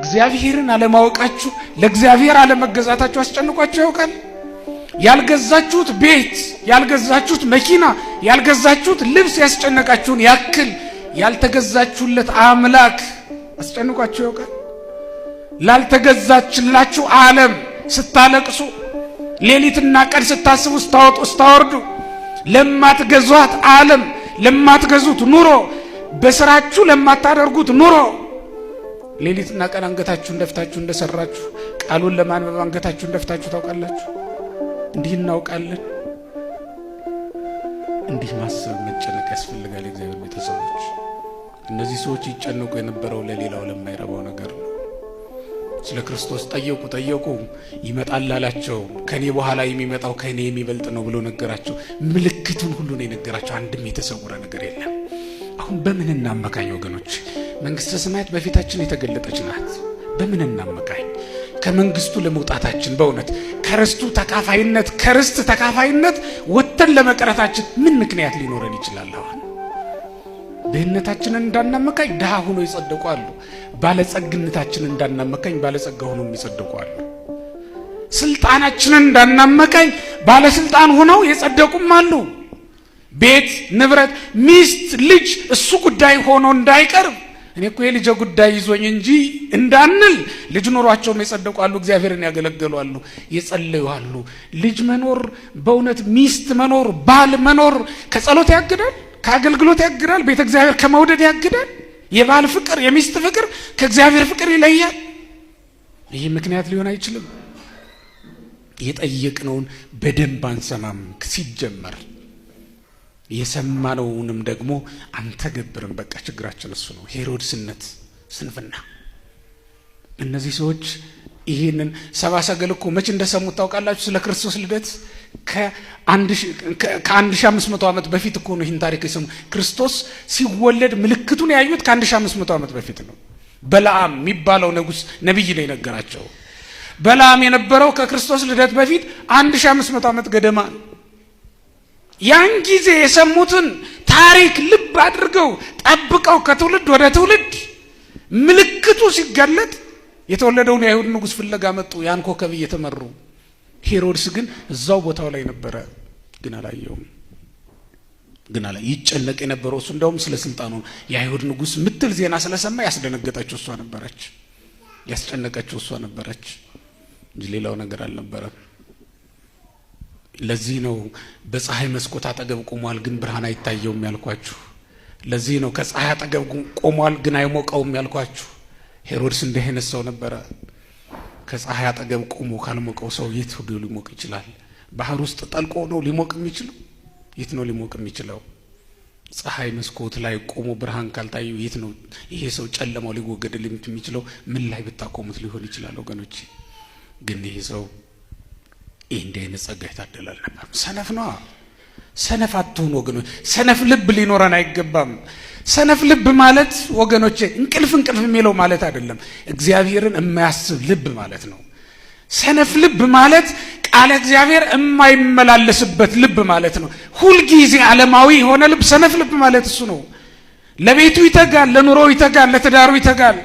እግዚአብሔርን አለማወቃችሁ ለእግዚአብሔር አለመገዛታችሁ አስጨንቋችሁ ያውቃል? ያልገዛችሁት ቤት፣ ያልገዛችሁት መኪና፣ ያልገዛችሁት ልብስ ያስጨነቃችሁን ያክል ያልተገዛችሁለት አምላክ አስጨንቋችሁ ያውቃል? ላልተገዛችላችሁ ዓለም ስታለቅሱ፣ ሌሊትና ቀን ስታስቡ፣ ስታወጡ፣ ስታወርዱ ለማትገዟት ዓለም ለማትገዙት ኑሮ በስራችሁ ለማታደርጉት ኑሮ ሌሊትና ቀን አንገታችሁ እንደፍታችሁ እንደሰራችሁ ቃሉን ለማንበብ አንገታችሁ እንደፍታችሁ ታውቃላችሁ። እንዲህ እናውቃለን። እንዲህ ማሰብ መጨነቅ ያስፈልጋል። የእግዚአብሔር ቤተሰቦች፣ እነዚህ ሰዎች ይጨነቁ የነበረው ለሌላው ለማይረባው ነገር ነው። ስለ ክርስቶስ ጠየቁ ጠየቁ፣ ይመጣል አላቸው። ከእኔ በኋላ የሚመጣው ከእኔ የሚበልጥ ነው ብሎ ነገራቸው። ምልክቱን ሁሉ ነው የነገራቸው። አንድም የተሰውረ ነገር የለም። አሁን በምን እናመካኝ ወገኖች? መንግስተ ሰማያት በፊታችን የተገለጠች ናት። በምን እናመካኝ? ከመንግስቱ ለመውጣታችን በእውነት ከርስቱ ተካፋይነት ከርስት ተካፋይነት ወጥተን ለመቅረታችን ምን ምክንያት ሊኖረን ይችላል? አሁን ድህነታችንን እንዳናመካኝ ድሃ ሆኖ ይጸደቁ አሉ። ባለጸግነታችንን እንዳናመካኝ ባለጸጋ ሆኖ የሚጸደቁ አሉ። ስልጣናችንን እንዳናመካኝ ባለስልጣን ሆነው የጸደቁም አሉ። ቤት፣ ንብረት፣ ሚስት፣ ልጅ እሱ ጉዳይ ሆኖ እንዳይቀርብ እኔ እኮ የልጄ ጉዳይ ይዞኝ እንጂ እንዳንል ልጅ ኖሯቸውም የጸደቁ አሉ፣ እግዚአብሔርን ያገለገሉ አሉ፣ የጸለዩ አሉ። ልጅ መኖር በእውነት ሚስት መኖር ባል መኖር ከጸሎት ያግዳል፣ ከአገልግሎት ያግዳል፣ ቤተ እግዚአብሔር ከመውደድ ያግዳል። የባል ፍቅር የሚስት ፍቅር ከእግዚአብሔር ፍቅር ይለያል። ይህ ምክንያት ሊሆን አይችልም። የጠየቅነውን በደንብ አንሰማም ሲጀመር የሰማነውንም ደግሞ አንተገብርም። በቃ ችግራችን እሱ ነው። ሄሮድስነት፣ ስንፍና። እነዚህ ሰዎች ይህንን ሰባ ሰገል እኮ መቼ እንደሰሙት ታውቃላችሁ? ስለ ክርስቶስ ልደት ከአንድ ሺ አምስት መቶ ዓመት በፊት እኮ ነው ይህን ታሪክ የሰሙ። ክርስቶስ ሲወለድ ምልክቱን ያዩት ከአንድ ሺ አምስት መቶ ዓመት በፊት ነው። በለዓም የሚባለው ንጉሥ ነቢይ ነው የነገራቸው። በለዓም የነበረው ከክርስቶስ ልደት በፊት አንድ ሺ አምስት መቶ ዓመት ገደማ ነው። ያን ጊዜ የሰሙትን ታሪክ ልብ አድርገው ጠብቀው ከትውልድ ወደ ትውልድ ምልክቱ ሲገለጥ የተወለደውን የአይሁድ ንጉሥ ፍለጋ መጡ። ያን ኮከብ እየተመሩ ሄሮድስ ግን እዛው ቦታው ላይ ነበረ፣ ግን አላየውም። ግን አላ ይጨነቅ የነበረው እሱ እንደውም ስለ ስልጣኑ የአይሁድ ንጉሥ ምትል ዜና ስለሰማ ያስደነገጠችው እሷ ነበረች፣ ያስጨነቀችው እሷ ነበረች እንጂ ሌላው ነገር አልነበረም። ለዚህ ነው በፀሐይ መስኮት አጠገብ ቆሟል ግን ብርሃን አይታየውም ያልኳችሁ። ለዚህ ነው ከፀሐይ አጠገብ ቆሟል ግን አይሞቀውም ያልኳችሁ። ሄሮድስ እንዲህ አይነት ሰው ነበረ። ከፀሐይ አጠገብ ቆሞ ካልሞቀው ሰው የት ሄዶ ሊሞቅ ይችላል? ባህር ውስጥ ጠልቆ ነው ሊሞቅ የሚችለው? የት ነው ሊሞቅ የሚችለው? ፀሐይ መስኮት ላይ ቆሞ ብርሃን ካልታዩ የት ነው ይሄ ሰው ጨለማው ሊወገድ የሚችለው? ምን ላይ ብታቆሙት ሊሆን ይችላል ወገኖች? ግን ይሄ ሰው ይህ እንዲህ አይነት ጸጋ የታደለ ሰነፍ ነዋ። ሰነፍ አትሁን ወገኖች። ሰነፍ ልብ ሊኖረን አይገባም። ሰነፍ ልብ ማለት ወገኖች እንቅልፍ እንቅልፍ የሚለው ማለት አይደለም። እግዚአብሔርን የማያስብ ልብ ማለት ነው። ሰነፍ ልብ ማለት ቃለ እግዚአብሔር የማይመላለስበት ልብ ማለት ነው። ሁልጊዜ ዓለማዊ የሆነ ልብ ሰነፍ ልብ ማለት እሱ ነው። ለቤቱ ይተጋል፣ ለኑሮው ይተጋል፣ ለትዳሩ ይተጋል።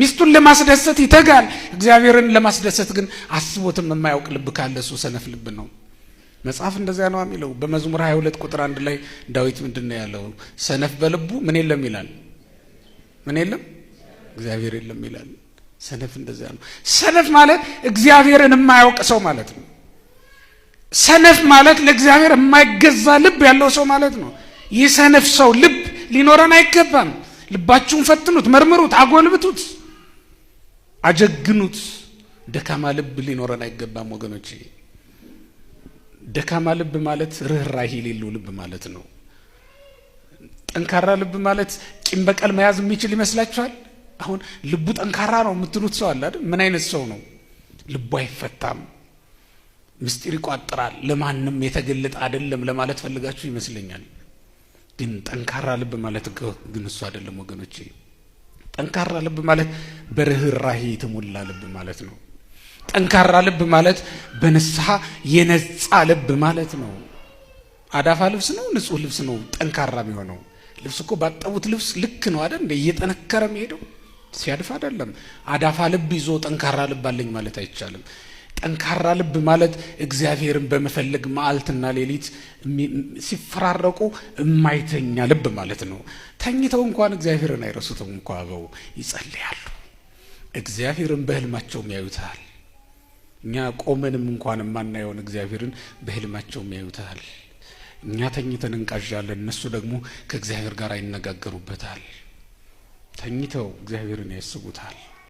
ሚስቱን ለማስደሰት ይተጋል። እግዚአብሔርን ለማስደሰት ግን አስቦትም የማያውቅ ልብ ካለ እሱ ሰነፍ ልብ ነው። መጽሐፍ እንደዚያ ነው የሚለው። በመዝሙር 22 ቁጥር አንድ ላይ ዳዊት ምንድን ነው ያለው? ሰነፍ በልቡ ምን የለም ይላል። ምን የለም? እግዚአብሔር የለም ይላል። ሰነፍ እንደዚያ ነው። ሰነፍ ማለት እግዚአብሔርን የማያውቅ ሰው ማለት ነው። ሰነፍ ማለት ለእግዚአብሔር የማይገዛ ልብ ያለው ሰው ማለት ነው። ይህ ሰነፍ ሰው ልብ ሊኖረን አይገባም። ልባችሁን ፈትኑት፣ መርምሩት፣ አጎልብቱት። አጀግኑት። ደካማ ልብ ሊኖረን አይገባም ወገኖች። ደካማ ልብ ማለት ርኅራሄ የሌለው ልብ ማለት ነው። ጠንካራ ልብ ማለት ቂም በቀል መያዝ የሚችል ይመስላችኋል? አሁን ልቡ ጠንካራ ነው የምትሉት ሰው አለ አይደል? ምን አይነት ሰው ነው? ልቡ አይፈታም፣ ምስጢር ይቋጥራል፣ ለማንም የተገለጠ አይደለም ለማለት ፈልጋችሁ ይመስለኛል። ግን ጠንካራ ልብ ማለት ግን እሱ አይደለም ወገኖቼ። ጠንካራ ልብ ማለት በርህራሄ የተሞላ ልብ ማለት ነው። ጠንካራ ልብ ማለት በንስሐ የነጻ ልብ ማለት ነው። አዳፋ ልብስ ነው፣ ንጹህ ልብስ ነው ጠንካራ የሚሆነው። ልብስ እኮ ባጠቡት ልብስ ልክ ነው አይደል? እንደ እየጠነከረ የሚሄደው ሲያድፍ አይደለም። አዳፋ ልብ ይዞ ጠንካራ ልብ አለኝ ማለት አይቻልም። ጠንካራ ልብ ማለት እግዚአብሔርን በመፈለግ መዓልትና ሌሊት ሲፈራረቁ የማይተኛ ልብ ማለት ነው። ተኝተው እንኳን እግዚአብሔርን አይረሱትም እንኳ አበው ይጸልያሉ። እግዚአብሔርን በህልማቸውም ያዩታል። እኛ ቆመንም እንኳን የማናየውን እግዚአብሔርን በህልማቸውም ያዩታል። እኛ ተኝተን እንቃዣለን፣ እነሱ ደግሞ ከእግዚአብሔር ጋር ይነጋገሩበታል። ተኝተው እግዚአብሔርን ያስቡታል።